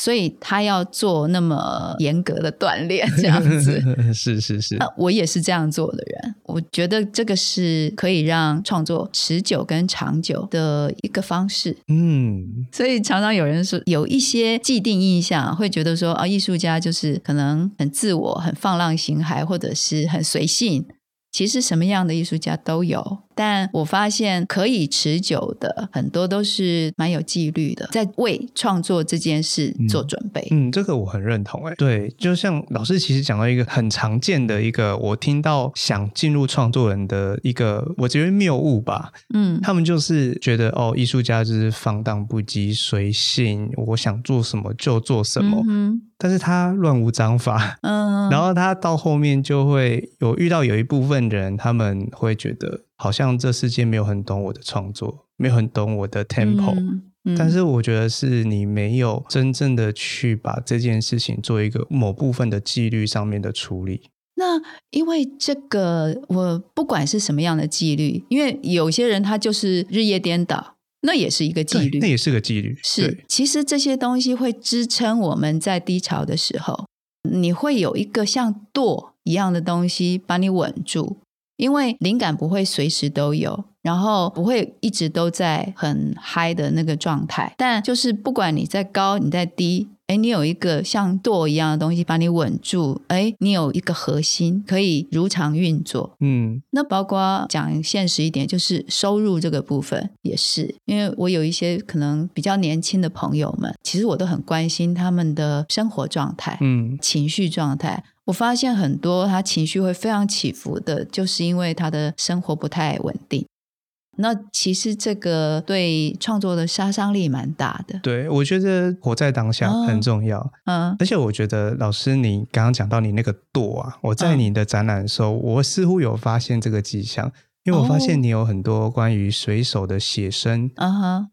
所以他要做那麼嚴格的鍛鍊，這樣子 是是是、啊。我也是這樣做的人，我覺得這個是可以讓創作持久跟長久的一個方式。嗯，所以常常有人說有一些既定印象，會覺得說啊，藝術家就是可能很自我、很放浪形骸，或者是很隨性。其實什麼樣的藝術家都有。但我發現可以持久的很多都是蠻有紀律的，在為創作這件事做準備。嗯，嗯，這個我很認同。哎，對，就像老師其實講到一個很常見的一個我聽到想進入創作人的一個我覺得謬誤吧。嗯，他們就是覺得哦，藝術家就是放蕩不羈、隨性，我想做什麼就做什麼。嗯哼，但是他亂無章法。嗯，然後他到後面就會有遇到有一部分人，他們會覺得。好像這世界沒有很懂我的創作，沒有很懂我的 tempo，、嗯嗯、但是我覺得是你沒有真正的去把這件事情做一個某部分的紀律上面的處理。那因為這個，我不管是什麼樣的紀律，因為有些人他就是日夜顛倒，那也是一個紀律，那也是個紀律。是，對其實這些東西會支撐我們在低潮的時候，你會有一個像舵一樣的東西把你穩住。因為靈感不會隨時都有，然後不會一直都在很嗨的那個狀態。但就是不管你在高、你在低，誒，你有一個像舵一樣的東西把你穩住，誒，你有一個核心可以如常運作。嗯，那包括講現實一點，就是收入這個部分也是，因為我有一些可能比較年輕的朋友們，其實我都很關心他們的生活狀態、嗯、情緒狀態。我發現很多他情緒會非常起伏的，就是因為他的生活不太穩定。那其實這個對創作的殺傷力蠻大的。對，我覺得活在當下很重要。嗯、啊，啊、而且我覺得老師，你剛剛講到你那個舵啊，我在你的展覽的時候，啊、我似乎有發現這個跡象。因為我發現你有很多關於水手的寫生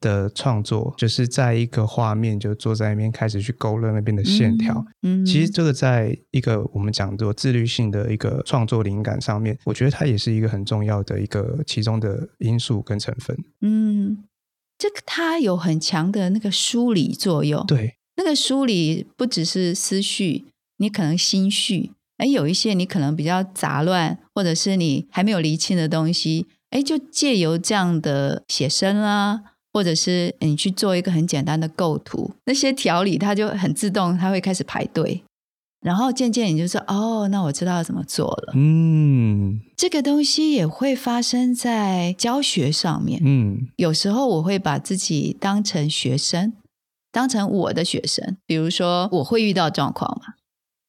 的創作，哦啊、就是在一個畫面就坐在那邊開始去勾勒那邊的線條。嗯，嗯，其實這個在一個我們講的自律性的一個創作靈感上面，我覺得它也是一個很重要的一個其中的因素跟成分。嗯，這個它有很強的那個梳理作用。對，那個梳理不只是思緒，你可能心緒，而有一些你可能比較雜亂。或者是你還沒有釐清的東西，哎，就借由這樣的寫生啊，或者是你去做一個很簡單的構圖，那些條理它就很自動，它會開始排隊，然後漸漸你就說，哦，那我知道要怎麼做了。嗯，這個東西也會發生在教學上面。嗯，有時候我會把自己當成學生，當成我的學生，比如說我會遇到狀況嘛，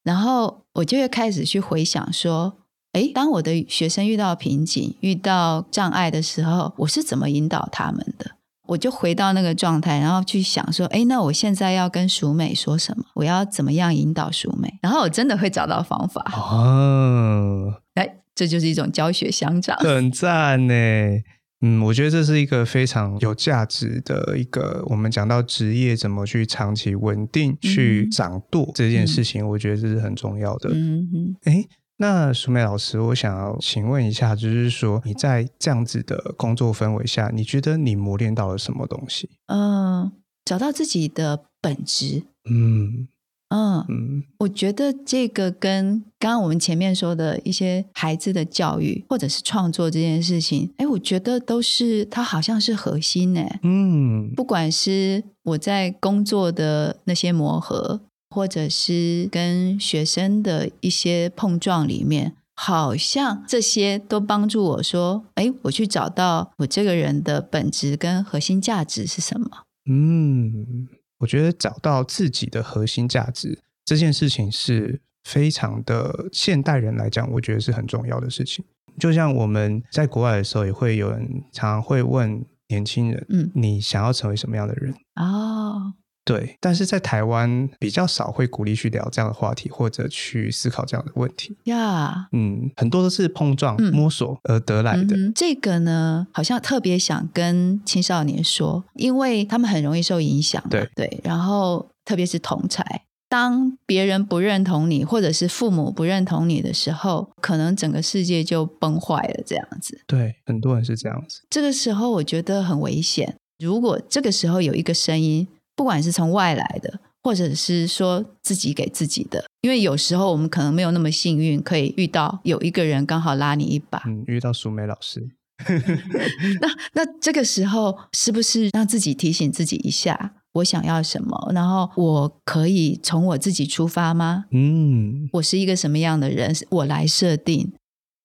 然後我就會開始去回想說。哎，當我的學生遇到瓶頸、遇到障礙的時候，我是怎麼引導他們的？我就回到那個狀態，然後去想說，哎，那我現在要跟淑美說什麼？我要怎麼樣引導淑美？然後我真的會找到方法。哦，哎，這就是一種教學相長，很讚呢。嗯，我覺得這是一個非常有價值的一個。我們講到職業怎麼去長期穩定、去掌舵、嗯、哼這件事情，我覺得這是很重要的。嗯嗯哼，哎。那淑美老師，我想要請問一下，就是說你在這樣子的工作氛圍下，你覺得你磨練到了什麼東西？嗯，找到自己的本質。嗯嗯，嗯我覺得這個跟剛剛我們前面說的一些孩子的教育，或者是創作這件事情，哎、欸，我覺得都是它好像是核心誒、欸。嗯，不管是我在工作的那些磨合，或者是跟學生的一些碰撞裡面，好像這些都幫助我說：“欸，我去找到我這個人的本質跟核心價值是什麼？”嗯，我覺得找到自己的核心價值這件事情是非常的，現代人來講，我覺得是很重要的事情。就像我們在國外的時候，也會有人常常會問年輕人：“嗯，你想要成為什麼樣的人？”哦。對，但是在台灣比較少會鼓勵去聊這樣的話題，或者去思考這樣的問題。呀，Yeah. 嗯，很多都是碰撞、摸索而得來的、嗯嗯。這個呢，好像特別想跟青少年說，因為他們很容易受影響。對對，然後特別是同儕，當別人不認同你，或者是父母不認同你的時候，可能整個世界就崩壞了，這樣子。對，很多人是這樣子。這個時候我覺得很危險。如果這個時候有一個聲音。不管是從外來的，或者是說自己給自己的，因為有時候我們可能沒有那麼幸運，可以遇到有一個人剛好拉你一把。嗯，遇到淑美老師。 那那這個時候，是不是讓自己提醒自己一下，我想要什麼，然後我可以從我自己出發嗎？嗯，我是一個什麼樣的人，我來設定。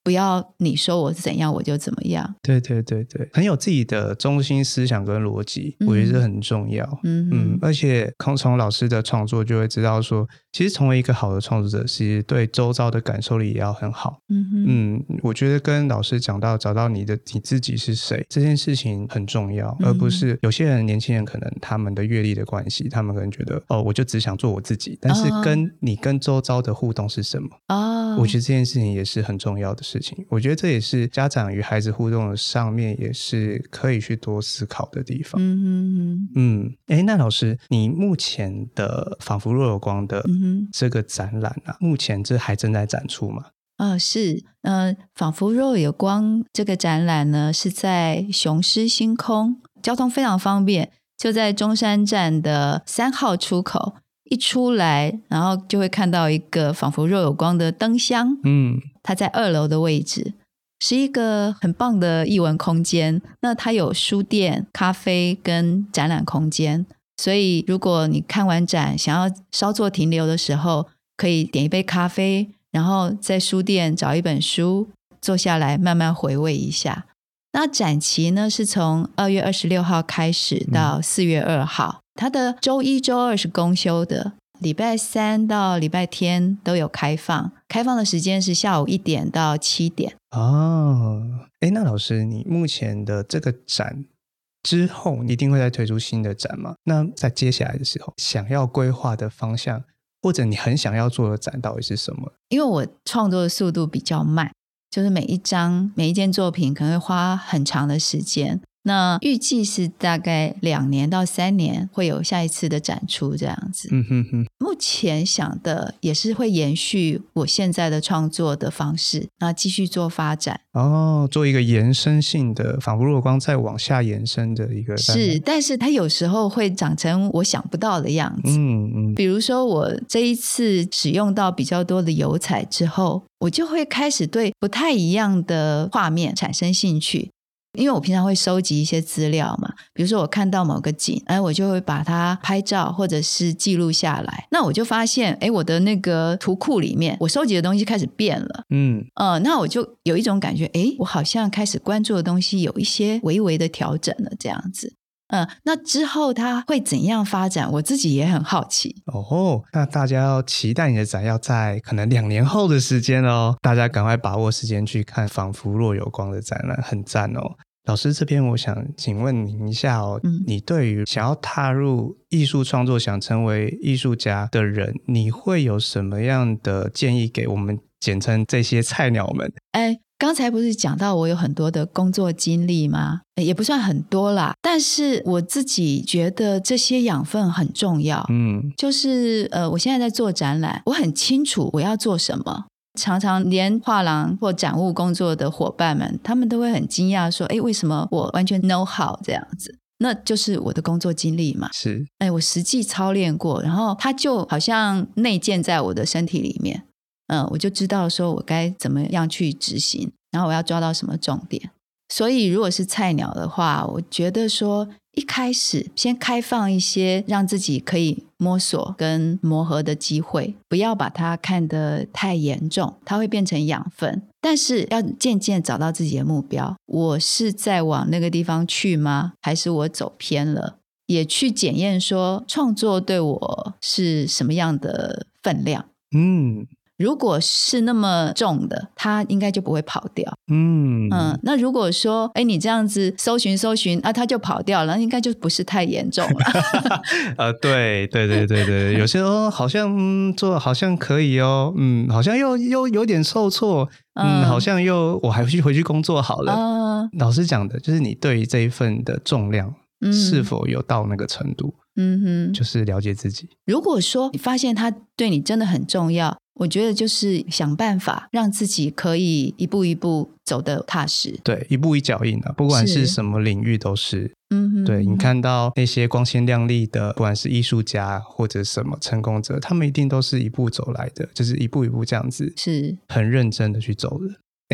不要你說我怎樣我就怎麼樣。對對對對，很有自己的中心思想跟邏輯，嗯、哼我覺得很重要。嗯哼嗯，而且剛從老師的創作就會知道說，說其實成為一個好的創作者，其實對周遭的感受力也要很好。嗯哼嗯，我覺得跟老師講到找到你的你自己是誰這件事情很重要，而不是有些人、嗯、哼年輕人可能他們的閱歷的關係，他們可能覺得哦，我就只想做我自己，但是跟你跟周遭的互動是什麼？哦，我覺得這件事情也是很重要的事。事情，我覺得這也是家長與孩子互動的上面也是可以去多思考的地方。嗯嗯嗯，誒，那老師，你目前的《仿佛若有光》的這個展覽啊，目前這還正在展出嗎？啊、哦，是，嗯、呃，《彷彿若有光》這個展覽呢，是在雄獅星空，交通非常方便，就在中山站的三號出口。一出來，然後就會看到一個仿佛若有光的燈箱。嗯，它在二樓的位置，是一個很棒的藝文空間。那它有書店、咖啡跟展覽空間，所以如果你看完展想要稍作停留的時候，可以點一杯咖啡，然後在書店找一本書，坐下來慢慢回味一下。那展期呢，是從二月二十六號開始到四月二號。嗯它的週一週二是公休的，禮拜三到禮拜天都有開放，開放的時間是下午一點到七點。哦，哎、欸，那老師，你目前的這個展之後你一定會再推出新的展嗎？那在接下來的時候，想要規劃的方向，或者你很想要做的展，到底是什麼？因為我創作的速度比較慢，就是每一張每一件作品可能會花很長的時間。那預計是大概兩年到三年會有下一次的展出這樣子。嗯哼哼。目前想的也是會延續我現在的創作的方式，那繼續做發展。哦，做一個延伸性的，彷彿若有光再往下延伸的一個。是，但是它有時候會長成我想不到的樣子。嗯嗯。嗯，比如說，我這一次使用到比較多的油彩之後，我就會開始對不太一樣的畫面產生興趣。因為我平常會收集一些資料嘛，比如說我看到某個景，哎，我就會把它拍照或者是記錄下來。那我就發現，哎，我的那個圖庫裡面，我收集的東西開始變了。嗯，呃，那我就有一種感覺，哎，我好像開始關注的東西有一些微微的調整了，這樣子。嗯，那之後他會怎樣發展？我自己也很好奇。哦吼，那大家要期待你的展，要在可能兩年後的時間哦，大家趕快把握時間去看《仿佛若有光》的展覽，很讚哦。老師這邊，我想請問您一下哦，嗯、你對於想要踏入藝術創作、想成為藝術家的人，你會有什麼樣的建議給我們？簡稱這些菜鳥們。哎、欸。剛才不是講到我有很多的工作經歷嗎？也不算很多啦，但是我自己覺得這些養分很重要。嗯，就是呃，我現在在做展覽，我很清楚我要做什麼。常常連畫廊或展務工作的夥伴們，他們都會很驚訝說：“哎，為什麼我完全 know how 這樣子？”那就是我的工作經歷嘛。是，哎，我實際操練過，然後它就好像內建在我的身體裡面。嗯，我就知道說，我該怎麼樣去執行，然後我要抓到什麼重點。所以，如果是菜鳥的話，我覺得說一開始先開放一些讓自己可以摸索跟磨合的機會，不要把它看得太嚴重，它會變成養分。但是要漸漸找到自己的目標，我是在往那個地方去嗎？還是我走偏了？也去檢驗說，創作對我是什麼樣的分量。嗯。如果是那麼重的，他應該就不會跑掉。嗯嗯，那如果說，哎、欸，你這樣子搜尋搜尋啊，他就跑掉了，那應該就不是太嚴重了。 呃，對對對對對，有些哦，好像、嗯、做好像可以哦，嗯，好像又又有點受挫，嗯，嗯好像又我還是回去工作好了。嗯、老師講的，就是你對於這一份的重量是否有到那個程度？嗯哼，就是了解自己。如果說你發現他對你真的很重要。我覺得就是想辦法讓自己可以一步一步走得踏實。對，一步一腳印啊，不管是什麼領域都是。是，嗯哼嗯哼。對，你看到那些光鮮亮麗的，不管是藝術家或者什麼成功者，他們一定都是一步走來的，就是一步一步這樣子，是很認真的去走的。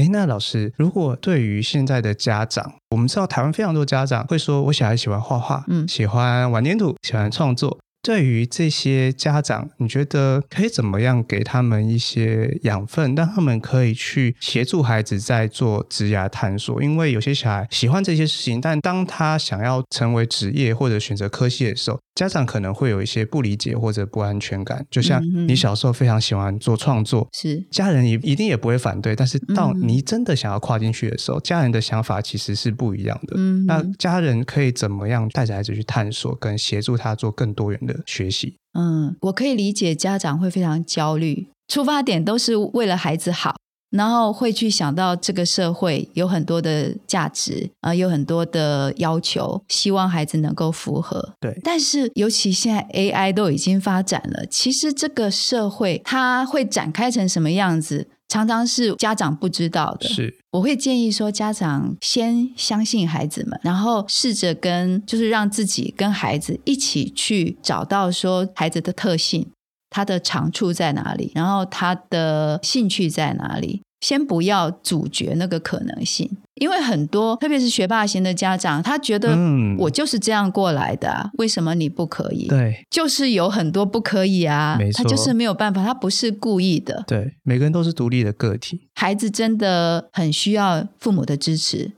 誒，那老師，如果對於現在的家長，我們知道台灣非常多家長會說，我小孩喜歡畫畫，嗯，喜歡玩黏土，喜歡創作。對於這些家長，你覺得可以怎麼樣給他們一些養分，讓他們可以去協助孩子在做職業探索？因為有些小孩喜歡這些事情，但當他想要成為職業或者選擇科系的時候，家長可能會有一些不理解或者不安全感，就像你小時候非常喜歡做創作，是、嗯、哼家人也一定也不會反對。但是到你真的想要跨進去的時候，家人的想法其實是不一樣的。嗯、哼那家人可以怎麼樣帶着孩子去探索，跟協助他做更多元的學習？嗯，我可以理解家長會非常焦慮，出發點都是為了孩子好。然後會去想到這個社會有很多的價值啊，呃，有很多的要求，希望孩子能夠符合。對，但是尤其現在 AI 都已經發展了，其實這個社會它會展開成什麼樣子，常常是家長不知道的。是，我會建議說，家長先相信孩子們，然後試着跟就是讓自己跟孩子一起去找到說孩子的特性。他的長處在哪裡？然後他的興趣在哪裡？先不要阻絕那個可能性，因為很多，特別是學霸型的家長，他覺得、嗯、我就是這樣過來的、啊，為什麼你不可以？對，就是有很多不可以啊，沒錯，他就是沒有辦法，他不是故意的。對，每個人都是獨立的個體，孩子真的很需要父母的支持。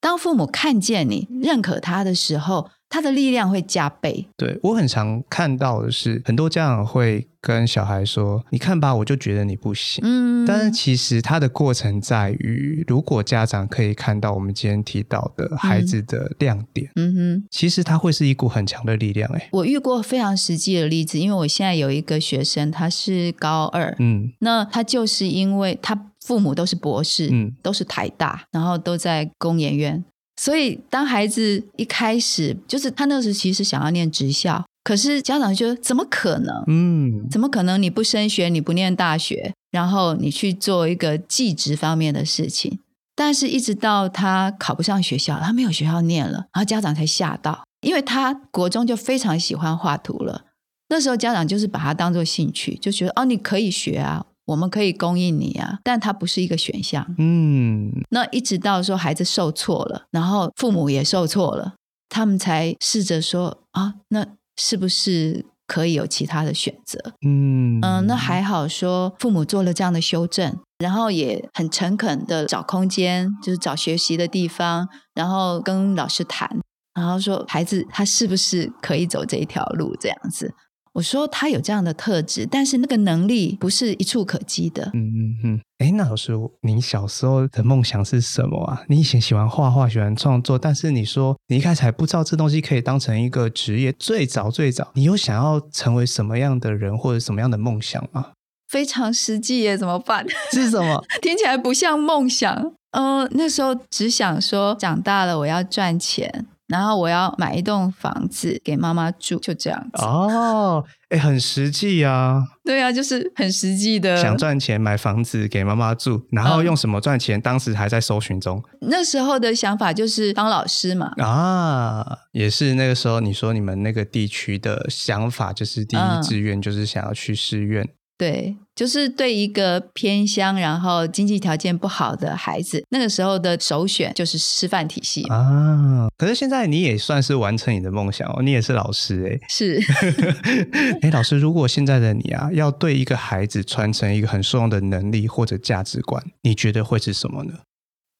當父母看見你認可他的時候，他的力量會加倍。對，我很常看到的是，很多家長會跟小孩說：“你看吧，我就覺得你不行。”嗯，但是其實他的過程在於，如果家長可以看到我們今天提到的孩子的亮點，嗯，嗯哼，其實他會是一股很強的力量，欸。誒，我遇過非常實際的例子，因為我現在有一個學生，他是高二，嗯，那他就是因為他父母都是博士，嗯，都是台大，然後都在工研院。所以，當孩子一開始就是他那時其實想要念職校，可是家長覺得怎麼可能？嗯，怎麼可能你不升學，你不念大學，然後你去做一個技職方面的事情？但是，一直到他考不上學校，他沒有學校念了，然後家長才嚇到，因為他國中就非常喜歡畫圖了。那時候家長就是把他當做興趣，就覺得哦，你可以學啊。我們可以供應你啊，但它不是一個選項。嗯，那一直到說孩子受挫了，然後父母也受挫了，他們才試着說啊，那是不是可以有其他的選擇？嗯嗯，那還好說，父母做了這樣的修正，然後也很誠懇的找空間，就是找學習的地方，然後跟老師談，然後說孩子他是不是可以走這一條路，這樣子。我說他有這樣的特質，但是那個能力不是一蹴可幾的。嗯嗯嗯。欸，那老師，您小時候的夢想是什麼啊？你以前喜歡畫畫，喜歡創作，但是你說你一開始還不知道這東西可以當成一個職業。最早最早，你有想要成為什麼樣的人或者什麼樣的夢想嗎？非常實際耶，怎麼辦？是什麼？ 聽起來不像夢想。嗯，那時候只想說，長大了我要賺錢。然後我要買一棟房子給媽媽住，就這樣子。哦，哎、欸，很實際啊。對啊，就是很實際的。想賺錢買房子給媽媽住，然後用什麼賺錢？嗯、當時還在搜尋中。那時候的想法就是當老師嘛。啊，也是那個時候，你說你們那個地區的想法，就是第一志願、嗯、就是想要去師院。對。就是對一個偏鄉，然後經濟條件不好的孩子，那個時候的首選就是師範體系啊。可是現在你也算是完成你的夢想哦，你也是老師哎、欸。是 欸，老師，如果現在的你啊，要對一個孩子傳承一個很重要的能力或者價值觀，你覺得會是什麼呢？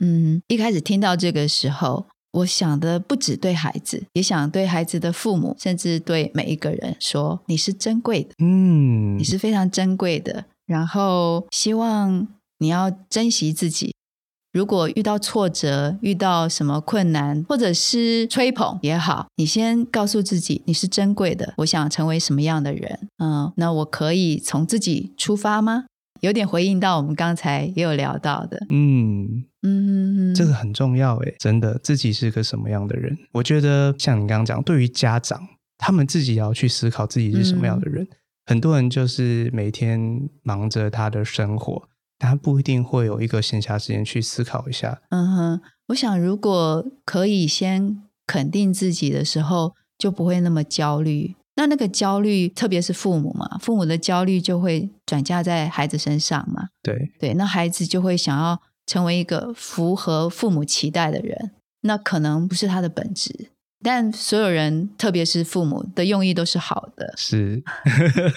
嗯，一開始聽到這個時候。我想的不只對孩子，也想對孩子的父母，甚至對每一個人說：“你是珍貴的，嗯，你是非常珍貴的。”然後希望你要珍惜自己。如果遇到挫折，遇到什麼困難，或者是吹捧也好，你先告訴自己：“你是珍貴的。”我想成為什麼樣的人？嗯，那我可以從自己出發嗎？有點回應到我們剛才也有聊到的，嗯嗯，這個很重要，欸，真的，自己是個什麼樣的人？我覺得像你剛剛講，對於家長，他們自己也要去思考自己是什麼樣的人。嗯，很多人就是每天忙着他的生活，他不一定會有一個閒暇時間去思考一下。嗯哼，我想如果可以先肯定自己的時候，就不會那麼焦慮。那那個焦慮，特別是父母嘛，父母的焦慮就會轉嫁在孩子身上嘛。對對，那孩子就會想要成為一個符合父母期待的人，那可能不是他的本質。但所有人，特別是父母的用意都是好的。是，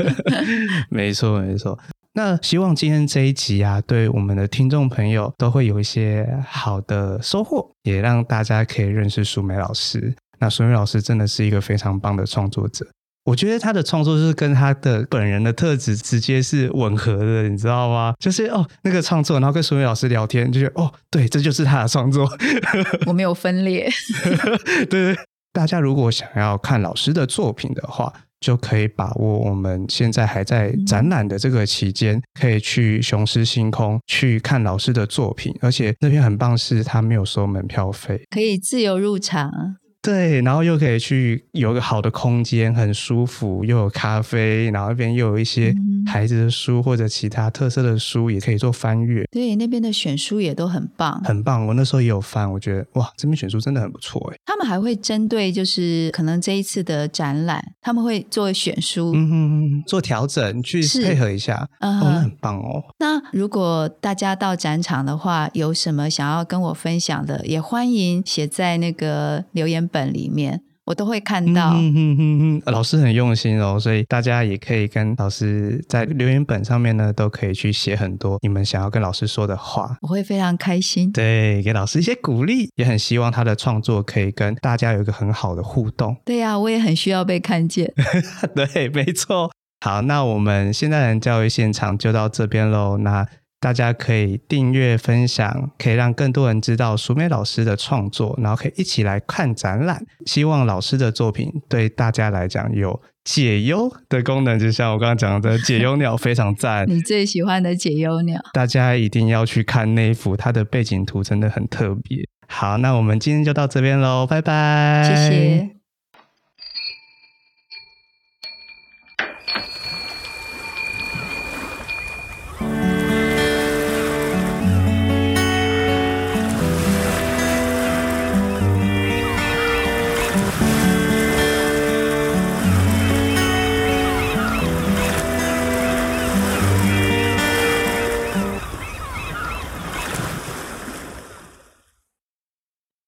沒錯錯 沒錯。那希望今天這一集啊，對我們的聽眾朋友都會有一些好的收穫，也讓大家可以認識淑美老師。那淑美老師真的是一個非常棒的創作者。我覺得他的創作就是跟他的本人的特質直接是吻合的，你知道嗎？就是哦，那個創作，然後跟淑美老師聊天，就覺得哦，對，這就是他的創作。 我沒有分裂。 對，對，大家如果想要看老師的作品的話，就可以把握我們現在還在展覽的這個期間，嗯、可以去雄獅星空去看老師的作品。而且那邊很棒，是他沒有收門票費，可以自由入場。對，然後又可以去有個好的空間，很舒服，又有咖啡，然後那邊又有一些，孩子的書或者其他特色的書也可以做翻閱，對，那邊的選書也都很棒，很棒。我那時候也有翻，我覺得哇，這邊選書真的很不錯哎、欸。他們還會針對就是可能這一次的展覽，他們會做選書，嗯哼嗯，做調整去是配合一下，嗯哼，哦、那很棒哦。那如果大家到展場的話，有什麼想要跟我分享的，也歡迎寫在那個留言本裡面。我都會看到，嗯哼哼哼，老師很用心哦，所以大家也可以跟老師在留言本上面呢，都可以去寫很多你們想要跟老師說的話。我會非常開心，對，給老師一些鼓勵，也很希望他的創作可以跟大家有一個很好的互動。對呀、啊，我也很需要被看見。 對，沒錯。好，那我們現在的教育現場就到這邊嘍。那大家可以訂閱、分享，可以讓更多人知道淑美老師的創作，然後可以一起來看展覽。希望老師的作品對大家來講有解憂的功能，就像我剛剛講的，解憂鳥非常讚。 你最喜歡的解憂鳥，大家一定要去看那一幅，它的背景圖真的很特別。好，那我們今天就到這邊嘍，拜拜，謝謝。